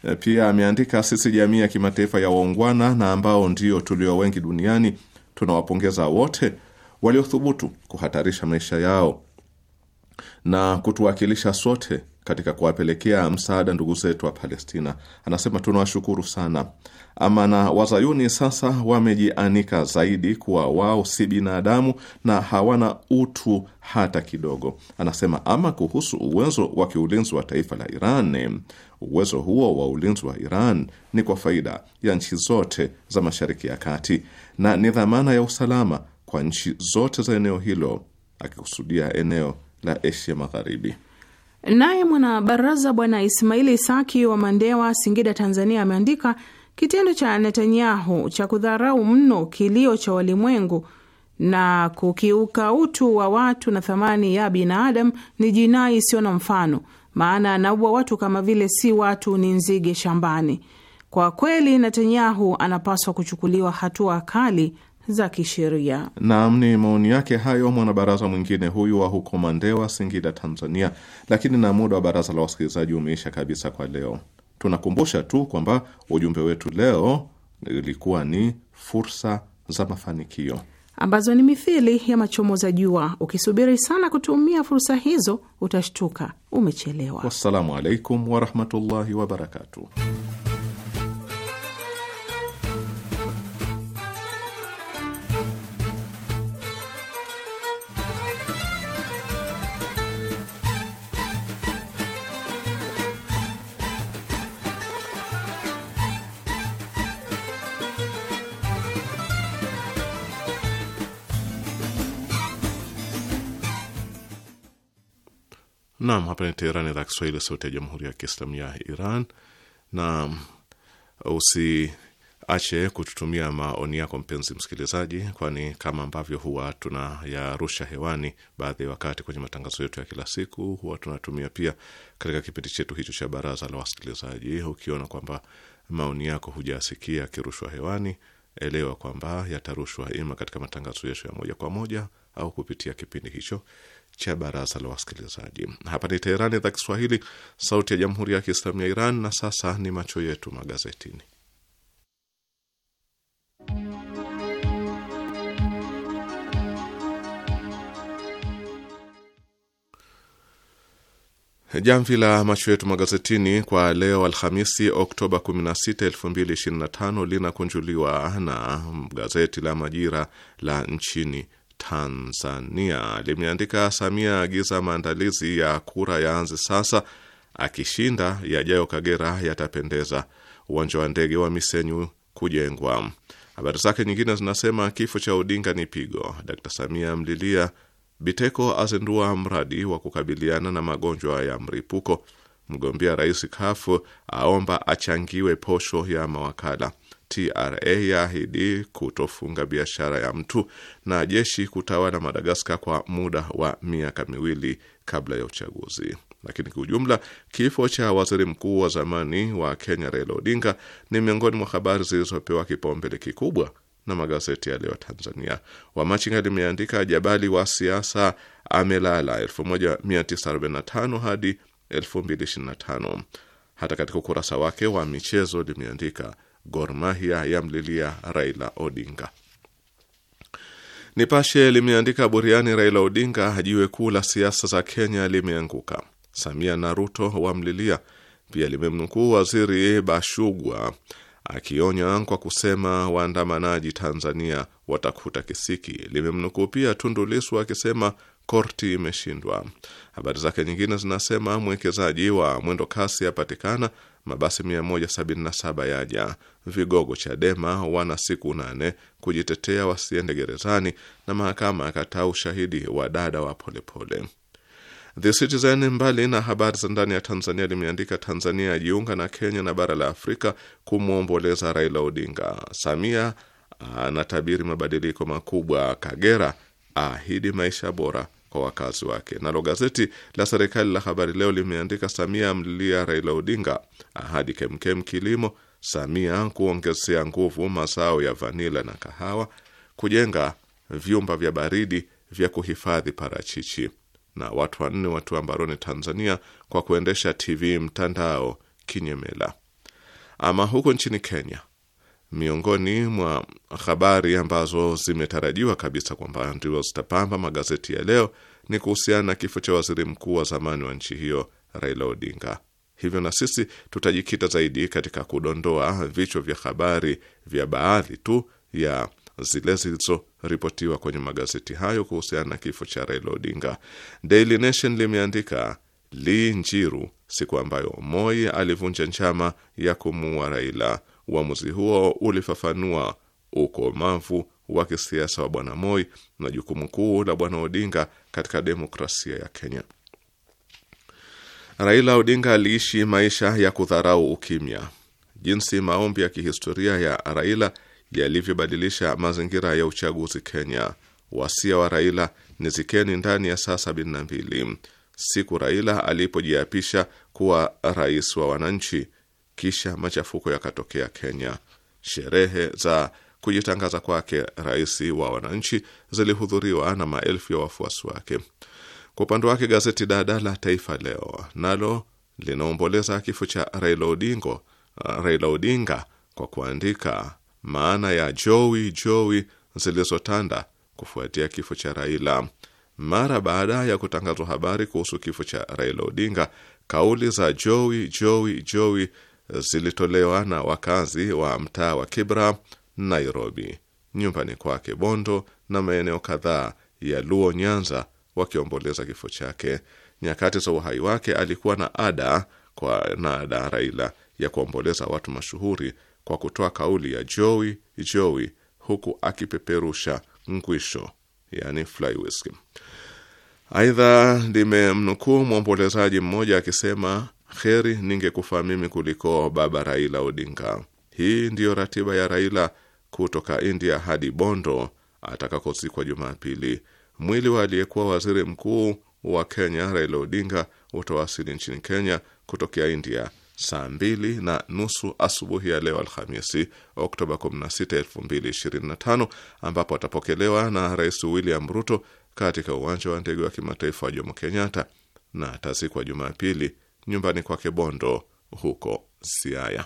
E, pia ameandika sisi, jamii ya kimataifa ya waungwana na ambao ndio tulio wengi duniani, tunawapongeza wote waliothubutu kuhatarisha maisha yao na kutuwakilisha sote katika kuwapelekea msaada ndugu zetu wa Palestina. Anasema tunawashukuru sana. Ama na wazayuni sasa wamejianika zaidi kuwa wao si binadamu na hawana utu hata kidogo. Anasema ama kuhusu uwezo wa kiulinzi wa taifa la Iran, uwezo huo wa ulinzi wa Iran ni kwa faida ya nchi zote za Mashariki ya Kati na ni dhamana ya usalama kwa nchi zote za eneo hilo, akikusudia eneo la Asia Magharibi. Naye mwanabaraza Bwana Ismaili Isaki wa Mandewa, Singida, Tanzania, ameandika kitendo cha Netanyahu cha kudharau mno kilio cha walimwengu na kukiuka utu wa watu na thamani ya binadamu ni jinai isiyo na mfano, maana anaua watu kama vile si watu, ni nzige shambani. Kwa kweli, Netanyahu anapaswa kuchukuliwa hatua kali za kisheria. Naam, ni maoni yake hayo mwanabaraza mwingine huyu wa huko Mandewa, Singida, Tanzania. Lakini na muda wa baraza la wasikilizaji umeisha kabisa kwa leo. Tunakumbusha tu kwamba ujumbe wetu leo ilikuwa ni fursa za mafanikio ambazo ni mithili ya machomoza jua. Ukisubiri sana kutumia fursa hizo, utashtuka umechelewa. Wassalamu alaikum warahmatullahi wabarakatuh. Naam, hapa ni Teherani, idhaa Kiswahili, sauti ya jamhuri ya kiislamu ya Iran. Na usiache kututumia maoni yako mpenzi msikilizaji, kwani kama ambavyo huwa tunayarusha hewani baadhi ya wakati kwenye matangazo yetu ya kila siku, huwa tunatumia pia katika kipindi chetu hicho cha baraza la wasikilizaji. Ukiona kwamba maoni yako hujasikia yakirushwa hewani, elewa kwamba yatarushwa ima katika matangazo yetu ya moja kwa moja au kupitia kipindi hicho cha baraza la wasikilizaji. Hapa ni Teherani, idhaa Kiswahili, sauti ya jamhuri ya kiislamu ya Iran. Na sasa ni macho yetu magazetini. Jamvi la macho yetu magazetini kwa leo Alhamisi, Oktoba 16, 2025 linakunjuliwa na gazeti la Majira la nchini Tanzania limeandika Samia agiza maandalizi ya kura yaanze sasa, akishinda yajayo Kagera yatapendeza, uwanja wa ndege wa Misenyu kujengwa. Habari zake nyingine zinasema kifo cha Odinga ni pigo, Dkt Samia amlilia, Biteko azindua mradi wa kukabiliana na magonjwa ya mripuko, mgombea rais kafu aomba achangiwe posho ya mawakala TRA yaahidi kutofunga biashara ya mtu na jeshi kutawala Madagaskar kwa muda wa miaka miwili kabla ya uchaguzi. Lakini kwa ujumla, kifo cha waziri mkuu wa zamani wa Kenya Raila Odinga ni miongoni mwa habari zilizopewa kipaumbele kikubwa na magazeti ya leo Tanzania. Wamachinga limeandika jabali wa siasa amelala 1945 hadi 2025. Hata katika ukurasa wake wa michezo limeandika Gor Mahia yamlilia Raila Odinga. Nipashe limeandika buriani Raila Odinga, jiwe kuu la siasa za Kenya limeanguka. Samia na Ruto wamlilia. Pia limemnukuu waziri Bashugwa akionya kwa kusema waandamanaji Tanzania watakuta kisiki. Limemnukuu pia Tundu Lissu akisema korti imeshindwa. Habari zake nyingine zinasema mwekezaji wa mwendo kasi apatikana mabasi 177 yaja, vigogo Chadema wana siku nane kujitetea wasiende gerezani, na mahakama akataa ushahidi wa dada wa Polepole pole. The Citizen mbali na habari za ndani ya Tanzania limeandika Tanzania yajiunga na Kenya na bara la Afrika kumwomboleza Raila Odinga. Samia anatabiri mabadiliko makubwa. Kagera ahidi maisha bora kwa wakazi wake. Nalo gazeti la serikali la Habari Leo limeandika Samia amlilia Raila Odinga, ahadi kemkem kilimo, Samia kuongezea nguvu mazao ya vanila na kahawa, kujenga vyumba vya baridi vya kuhifadhi parachichi, na watu wanne watua mbaroni Tanzania kwa kuendesha TV mtandao kinyemela. Ama huko nchini Kenya Miongoni mwa habari ambazo zimetarajiwa kabisa kwamba ndio zitapamba magazeti ya leo ni kuhusiana na kifo cha waziri mkuu wa zamani wa nchi hiyo Raila Odinga. Hivyo na sisi tutajikita zaidi katika kudondoa vichwa vya habari vya baadhi tu ya zile zilizoripotiwa kwenye magazeti hayo kuhusiana na kifo cha Raila Odinga. Daily Nation limeandika Lee Njiru siku ambayo Moi alivunja njama ya kumuua Raila Uamuzi huo ulifafanua ukomavu wa kisiasa wa Bwana Moi na jukumu kuu la Bwana Odinga katika demokrasia ya Kenya. Raila Odinga aliishi maisha ya kudharau ukimya. Jinsi maombi ya kihistoria ya Raila yalivyobadilisha mazingira ya uchaguzi Kenya. Wasia wa Raila ni zikeni ndani ya saa sabini na mbili. Siku Raila alipojiapisha kuwa rais wa wananchi, kisha machafuko yakatokea Kenya. Sherehe za kujitangaza kwake rais wa wananchi zilihudhuriwa na maelfu ya wafuasi wake. Kwa upande wake, gazeti dada la Taifa Leo nalo linaomboleza kifo cha Raila Odinga, Raila Odinga kwa kuandika maana ya jowi jowi zilizotanda kufuatia kifo cha Raila. Mara baada ya kutangazwa habari kuhusu kifo cha Raila Odinga, kauli za jowi jowi jowi zilitolewa na wakazi wa mtaa wa Kibra, Nairobi, nyumbani kwake Bondo na maeneo kadhaa ya Luo, Nyanza, wakiomboleza kifo chake. Nyakati za uhai wake alikuwa na ada kwa na ada Raila ya kuomboleza watu mashuhuri kwa kutoa kauli ya joi joi huku akipeperusha ngwisho, yani fly Aidha, limemnukuu mwombolezaji mmoja akisema kheri ningekufa mimi kuliko baba Raila Odinga. Hii ndiyo ratiba ya Raila kutoka India hadi Bondo atakakozikwa Jumapili. Mwili wa aliyekuwa waziri mkuu wa Kenya Raila Odinga utawasili nchini Kenya kutokea India saa mbili na nusu asubuhi ya leo Alhamisi, Oktoba 16, 2025 ambapo atapokelewa na Rais William Ruto katika uwanja wa ndege wa kimataifa wa Jomo Kenyatta na atazikwa Jumapili nyumbani kwake Bondo huko Siaya.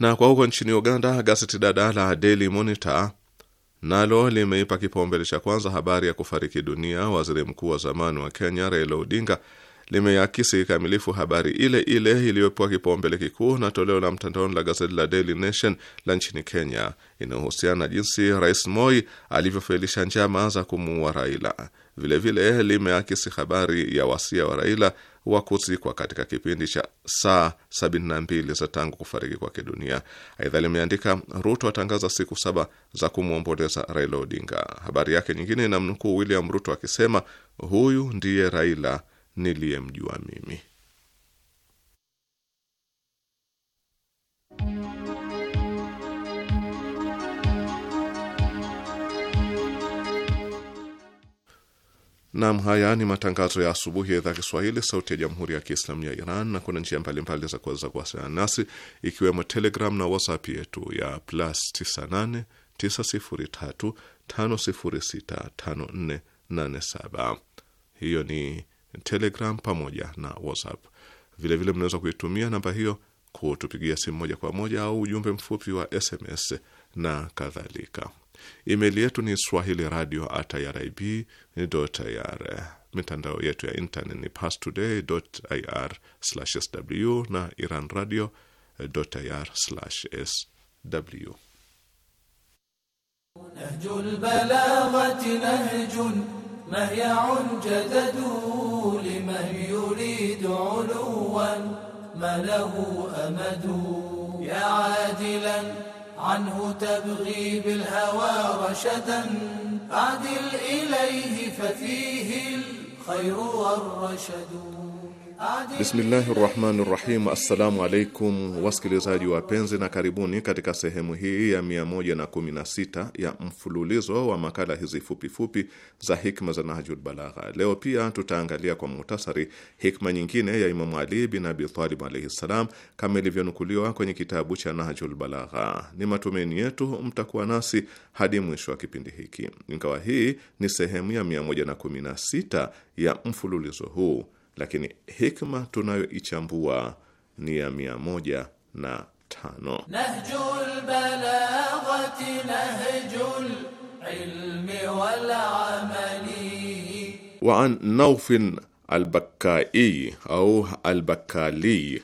Na kwa huko nchini Uganda, gazeti dada la Daily Monitor nalo limeipa kipaumbele cha kwanza habari ya kufariki dunia waziri mkuu wa zamani wa Kenya Raila Odinga. Limeakisi kikamilifu habari ile ile iliyopewa kipaumbele kikuu na toleo la mtandaoni la gazeti la Daily Nation la nchini Kenya, inayohusiana na jinsi Rais Moi alivyofailisha njama za kumuua Raila. Vilevile limeakisi habari ya wasia wa Raila wa kuzikwa katika kipindi cha saa 72 za tangu kufariki kwake dunia. Aidha limeandika Ruto atangaza siku saba za kumwomboleza Raila Odinga. Habari yake nyingine inamnukuu William Ruto akisema, huyu ndiye Raila niliyemjua mimi. Nam, haya ni matangazo ya asubuhi ya idhaa Kiswahili sauti ya jamhuri ya kiislamu ya Iran, na kuna njia mbalimbali za kuweza kuwasiliana nasi ikiwemo Telegram na WhatsApp yetu ya plus 98 Hiyo ni Telegram pamoja na WhatsApp. Vilevile mnaweza kuitumia namba hiyo kutupigia simu moja kwa moja au ujumbe mfupi wa SMS na kadhalika. Email yetu ni swahili radio at irib ir. Mitandao yetu ya internet ni pastoday ir sw na iran radio ir sw. نهج البلاغة نهج مهيع جدده لمن يريد علوا ما له أمد يا عادلا عنه تبغي بالهوى رشدا عدل إليه ففيه الخير والرشد Bismillahi rahmani rahim. Assalamu alaikum wasikilizaji wapenzi, na karibuni katika sehemu hii ya 116 ya mfululizo wa makala hizi fupifupi za hikma za Nahjul Balagha. Leo pia tutaangalia kwa muhtasari hikma nyingine ya Imamu Ali bin Abi Talib alaihi ssalam, kama ilivyonukuliwa kwenye kitabu cha Nahjul Balagha. Ni matumaini yetu mtakuwa nasi hadi mwisho wa kipindi hiki, ingawa hii ni sehemu ya 116 ya mfululizo huu. lakini hikma tunayoichambua ni ya mia moja na tano. Nahjul balaghati nahjul ilmi wal amali wa an Naufin Albakai au Albakali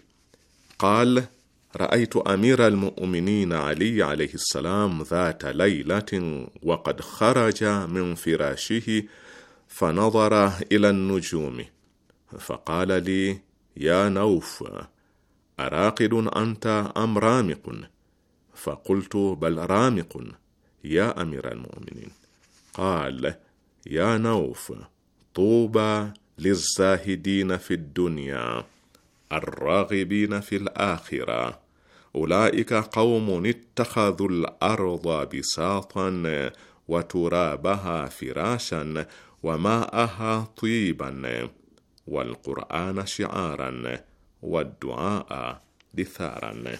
qal Raaitu amira almuminin Ali alayhi salam dhata lailatin wa kharaja min firashihi fanadhara ila nujumi فقال لي يا نوف اراقد انت ام رامق فقلت بل رامق يا امير المؤمنين قال يا نوف طوبى للزاهدين في الدنيا الراغبين في الاخره اولئك قوم اتخذوا الارض بساطا وترابها فراشا وماءها طيبا walqurana shiaran waduaa ditharan,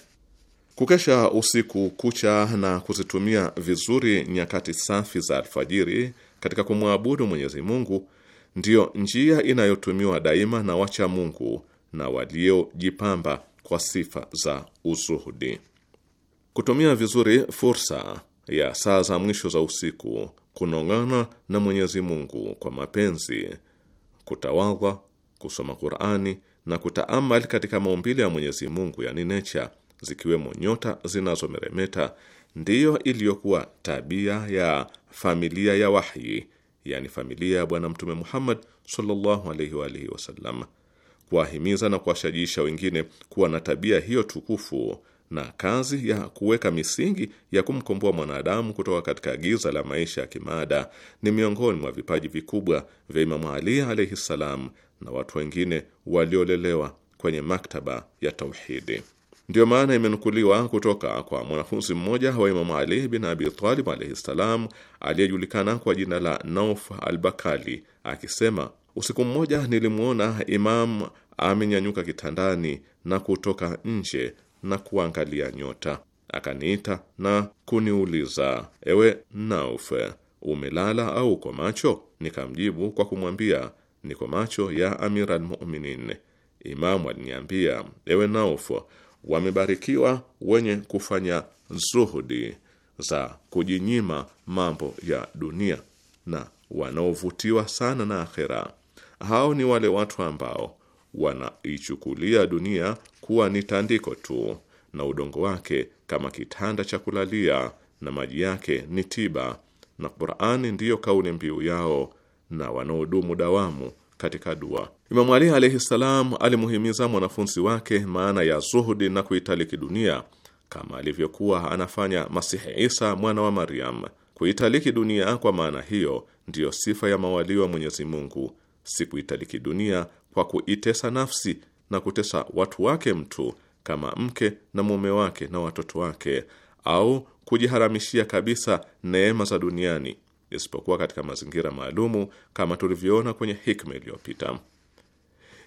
kukesha usiku kucha na kuzitumia vizuri nyakati safi za alfajiri katika kumwabudu Mwenyezi Mungu ndiyo njia inayotumiwa daima na wacha Mungu na waliojipamba kwa sifa za uzuhudi. Kutumia vizuri fursa ya saa za mwisho za usiku, kunong'ana na Mwenyezi Mungu kwa mapenzi, kutawadha kusoma Qur'ani na kutaamal katika maumbile ya Mwenyezi Mungu, yani nature, zikiwemo nyota zinazomeremeta, ndiyo iliyokuwa tabia ya familia ya wahyi, yani familia ya Bwana Mtume Muhammad sallallahu alaihi wa alihi wasallam. Kuwahimiza na kuwashajiisha wengine kuwa na tabia hiyo tukufu na kazi ya kuweka misingi ya kumkomboa mwanadamu kutoka katika giza la maisha ya kimaada ni miongoni mwa vipaji vikubwa vya Imamu Ali alaihi ssalam na watu wengine waliolelewa kwenye maktaba ya tauhidi. Ndiyo maana imenukuliwa kutoka kwa mwanafunzi mmoja wa Imamu Ali bin Abi Talib alaihi ssalam, aliyejulikana kwa jina la Nauf al Bakali akisema, usiku mmoja nilimwona Imam amenyanyuka kitandani na kutoka nje na kuangalia nyota. Akaniita na kuniuliza, ewe Nauf, umelala au uko macho? Nikamjibu kwa kumwambia ni kwa macho ya Amir Almuminin. Imamu aliniambia, ewe Naufu, wamebarikiwa wenye kufanya zuhudi za kujinyima mambo ya dunia na wanaovutiwa sana na akhera. Hao ni wale watu ambao wanaichukulia dunia kuwa ni tandiko tu na udongo wake kama kitanda cha kulalia na maji yake ni tiba, na Qur'ani ndiyo kauli mbiu yao na wanaodumu dawamu katika dua. Imam Ali alaihi salam alimuhimiza mwanafunzi wake maana ya zuhudi na kuitaliki dunia kama alivyokuwa anafanya Masihi Isa mwana wa Maryam. Kuitaliki dunia kwa maana hiyo ndiyo sifa ya mawalii wa Mwenyezi Mungu, si kuitaliki dunia kwa kuitesa nafsi na kutesa watu wake, mtu kama mke na mume wake na watoto wake, au kujiharamishia kabisa neema za duniani isipokuwa katika mazingira maalumu kama tulivyoona kwenye hikma iliyopita.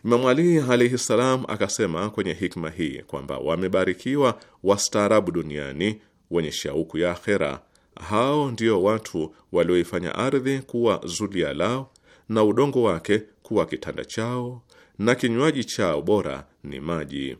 Imamu Ali alaihi ssalam akasema kwenye hikma hii kwamba wamebarikiwa wastaarabu duniani wenye shauku ya akhera. Hao ndio watu walioifanya ardhi kuwa zulia lao na udongo wake kuwa kitanda chao na kinywaji chao bora ni maji.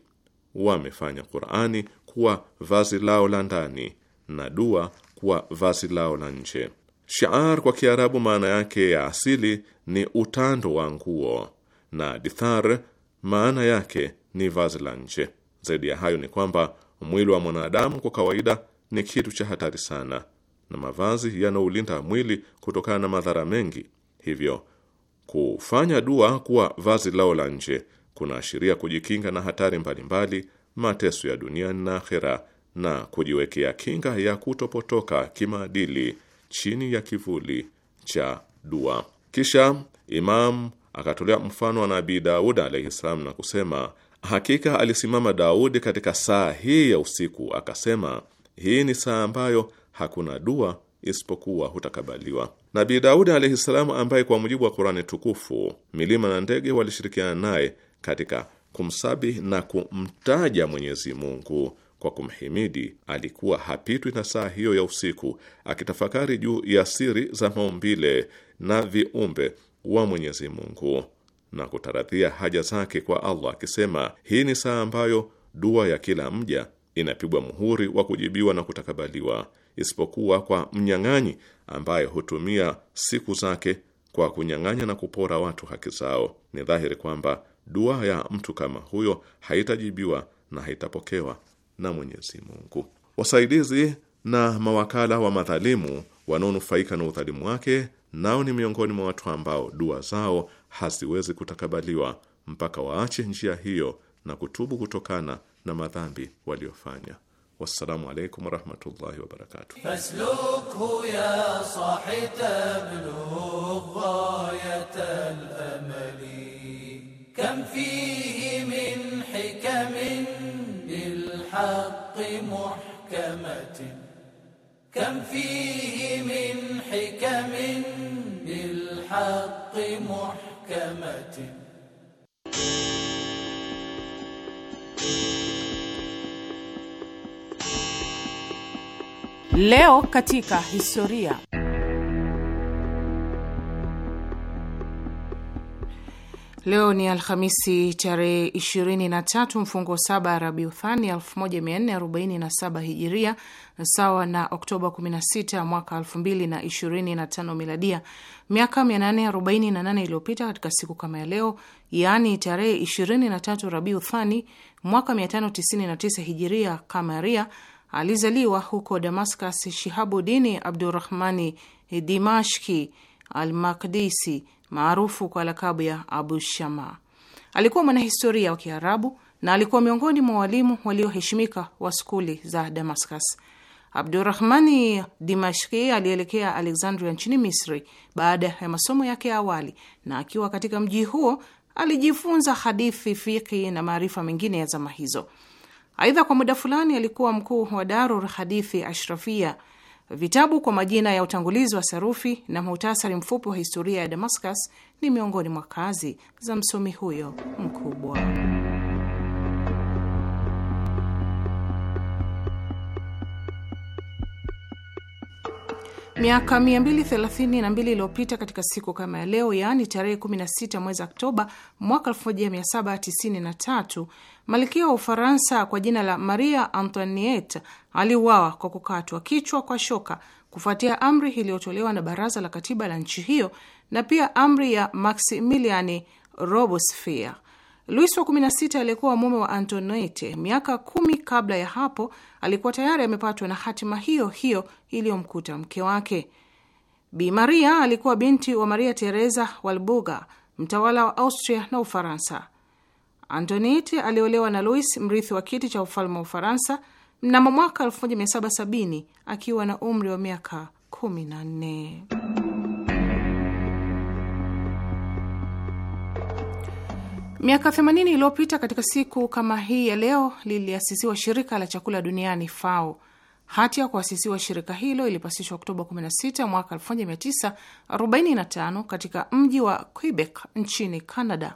Wamefanya Qur'ani kuwa vazi lao la ndani na dua kuwa vazi lao la nje shaar kwa Kiarabu maana yake ya asili ni utando wa nguo na dithar maana yake ni vazi la nje. Zaidi ya hayo ni kwamba mwili wa mwanadamu kwa kawaida ni kitu cha hatari sana, na mavazi yanaulinda mwili kutokana na madhara mengi. Hivyo kufanya dua kuwa vazi lao la nje kunaashiria kujikinga na hatari mbalimbali, mateso ya duniani na akhera, na kujiwekea kinga ya kutopotoka kimaadili chini ya kivuli cha dua. Kisha Imam akatolea mfano wa Nabii daudi alaihi salam na kusema, hakika alisimama Daudi katika saa hii ya usiku akasema, hii ni saa ambayo hakuna dua isipokuwa hutakabaliwa. Nabii Daudi alaihi salam, ambaye kwa mujibu wa Kurani tukufu milima na ndege walishirikiana naye katika kumsabi na kumtaja Mwenyezi Mungu kwa kumhimidi. Alikuwa hapitwi na saa hiyo ya usiku akitafakari juu ya siri za maumbile na viumbe wa Mwenyezi Mungu na kutaradhia haja zake kwa Allah akisema, hii ni saa ambayo dua ya kila mja inapigwa muhuri wa kujibiwa na kutakabaliwa, isipokuwa kwa mnyang'anyi ambaye hutumia siku zake kwa kunyang'anya na kupora watu haki zao. Ni dhahiri kwamba dua ya mtu kama huyo haitajibiwa na haitapokewa na Mwenyezi Mungu. Wasaidizi na mawakala wa madhalimu wanaonufaika na udhalimu wake nao ni miongoni mwa watu ambao dua zao haziwezi kutakabaliwa mpaka waache njia hiyo na kutubu kutokana na madhambi waliofanya. Wassalamu alaikum warahmatullahi wabarakatuh. Kam fihi min الحق محكمة كم فيه من حكم بالحق محكمة Leo katika historia. Leo ni Alhamisi tarehe 23 mfungo saba Rabiuthani 1447 Hijiria, sawa na Oktoba 16 mwaka 2025 Miladia. Miaka 848 iliyopita katika siku kama ya leo, yaani tarehe 23 Rabiuthani mwaka 599 Hijiria kamaria, alizaliwa huko Damascus Shihabudini Abdurahmani Dimashki Almakdisi maarufu kwa lakabu ya Abu Shama. Alikuwa mwanahistoria wa Kiarabu na alikuwa miongoni mwa walimu walioheshimika wa skuli za Damascus. Abdurahmani Dimashki alielekea Alexandria nchini Misri baada ya masomo yake ya awali, na akiwa katika mji huo alijifunza hadithi, fiki na maarifa mengine ya zama hizo. Aidha, kwa muda fulani alikuwa mkuu wa Darur Hadithi Ashrafia Vitabu kwa majina ya utangulizi wa sarufi na muhtasari mfupi wa historia ya Damascus ni miongoni mwa kazi za msomi huyo mkubwa. Miaka 232 iliyopita katika siku kama ya leo, yaani tarehe 16 mwezi Oktoba mwaka 1793, malkia wa Ufaransa kwa jina la Maria Antoinette aliuawa kwa kukatwa kichwa kwa shoka kufuatia amri iliyotolewa na baraza la katiba la nchi hiyo na pia amri ya Maximiliani Robespierre. Louis wa 16 aliyekuwa mume wa Antoinette miaka kumi kabla ya hapo alikuwa tayari amepatwa na hatima hiyo hiyo iliyomkuta mke wake. Bi Maria alikuwa binti wa Maria Teresa Walburga, mtawala wa Austria na Ufaransa. Antoinette aliolewa na Louis, mrithi wa kiti cha ufalme wa Ufaransa mnamo mwaka 1770 akiwa na umri wa miaka 14. Miaka 80 iliyopita katika siku kama hii ya leo liliasisiwa shirika la chakula duniani FAO. Hati ya kuasisiwa shirika hilo ilipasishwa Oktoba 16 mwaka 1945 katika mji wa Quebec nchini Canada.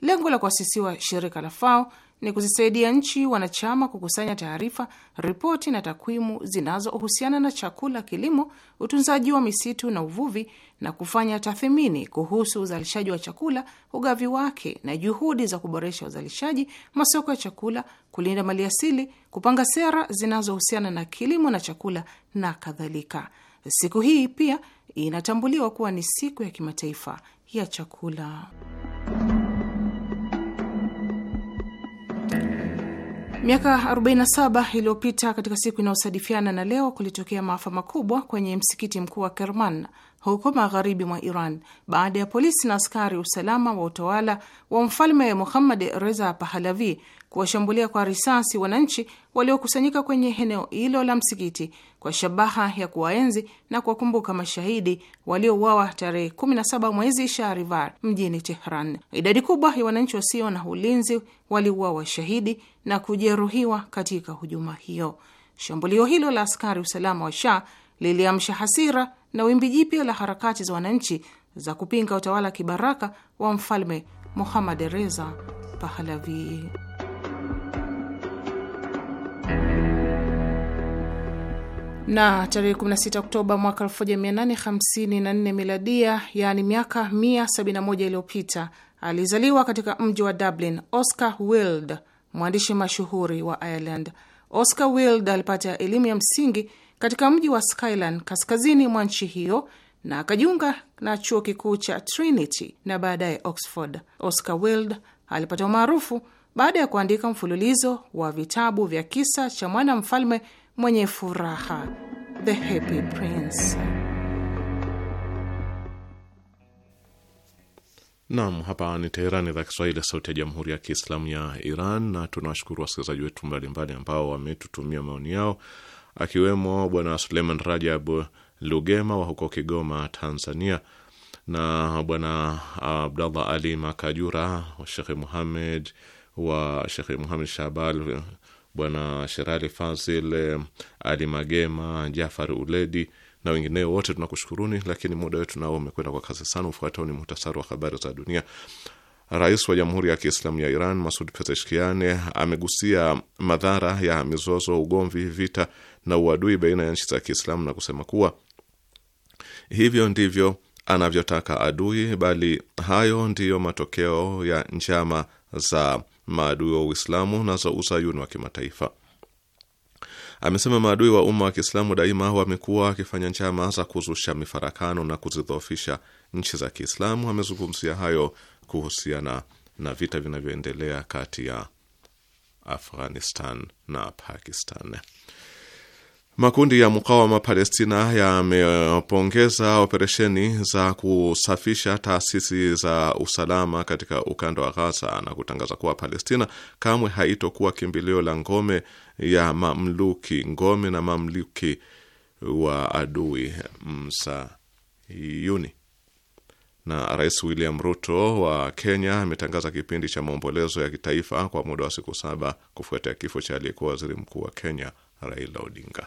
Lengo la kuasisiwa shirika la FAO ni kuzisaidia nchi wanachama kukusanya taarifa, ripoti na takwimu zinazohusiana na chakula, kilimo, utunzaji wa misitu na uvuvi, na kufanya tathmini kuhusu uzalishaji wa chakula, ugavi wake, na juhudi za kuboresha uzalishaji, masoko ya chakula, kulinda maliasili, kupanga sera zinazohusiana na kilimo na chakula na kadhalika. Siku hii pia inatambuliwa kuwa ni siku ya kimataifa ya chakula. Miaka 47 iliyopita katika siku inayosadifiana na leo kulitokea maafa makubwa kwenye msikiti mkuu wa Kerman huko magharibi mwa Iran baada ya polisi na askari usalama wa utawala wa mfalme Muhammad Reza pahalavi kuwashambulia kwa risasi wananchi waliokusanyika kwenye eneo hilo la msikiti kwa shabaha ya kuwaenzi na kuwakumbuka mashahidi waliouawa tarehe 17 mwezi Shahrivar mjini Tehran. Idadi kubwa ya wananchi wasio na ulinzi waliuawa shahidi na kujeruhiwa katika hujuma hiyo. Shambulio hilo la askari usalama wa Shah liliamsha hasira na wimbi jipya la harakati za wananchi za kupinga utawala kibaraka wa mfalme Mohammad Reza Pahlavi. na tarehe 16 Oktoba mwaka 1854 miladia, yaani miaka 171 iliyopita, alizaliwa katika mji wa Dublin Oscar Wilde, mwandishi mashuhuri wa Ireland. Oscar Wilde alipata elimu ya msingi katika mji wa Skyland kaskazini mwa nchi hiyo na akajiunga na chuo kikuu cha Trinity na baadaye Oxford. Oscar Wilde alipata umaarufu baada ya kuandika mfululizo wa vitabu vya kisa cha mwana mfalme mwenye furaha, The Happy Prince. Nam, hapa ni Teherani, idhaa Kiswahili, sauti ya jamhuri ya kiislamu ya Iran, na tunawashukuru wasikilizaji wetu mbalimbali ambao wametutumia maoni yao, akiwemo Bwana Suleiman Rajab Lugema wa huko Kigoma, Tanzania, na Bwana Abdallah Ali Makajura, Shekhe Muhamed wa Shekhe Muhamed Shabal bwana Sherali Fazil, eh, Ali Magema, Jafar Uledi na wengineo wote tunakushukuruni, lakini muda wetu nao umekwenda kwa kasi sana. Ufuatao ni muhtasari wa habari za dunia. Rais wa Jamhuri ya Kiislamu ya Iran Masud Pezeshkian amegusia madhara ya mizozo, ugomvi, vita na uadui baina ya nchi za Kiislamu na kusema kuwa hivyo ndivyo anavyotaka adui, bali hayo ndiyo matokeo ya njama za maadui wa Uislamu na za uzayuni wa kimataifa. Amesema maadui wa umma wa Kiislamu daima wamekuwa wakifanya njama za kuzusha mifarakano na kuzidhoofisha nchi za Kiislamu. Amezungumzia hayo kuhusiana na vita vinavyoendelea kati ya Afghanistan na Pakistan. Makundi ya mukawama Palestina yamepongeza operesheni za kusafisha taasisi za usalama katika ukanda wa Gaza na kutangaza kuwa Palestina kamwe haitokuwa kimbilio la ngome ya mamluki, ngome na mamluki wa adui msayuni. Na Rais William Ruto wa Kenya ametangaza kipindi cha maombolezo ya kitaifa kwa muda wa siku saba kufuatia kifo cha aliyekuwa waziri mkuu wa Kenya Raila Odinga.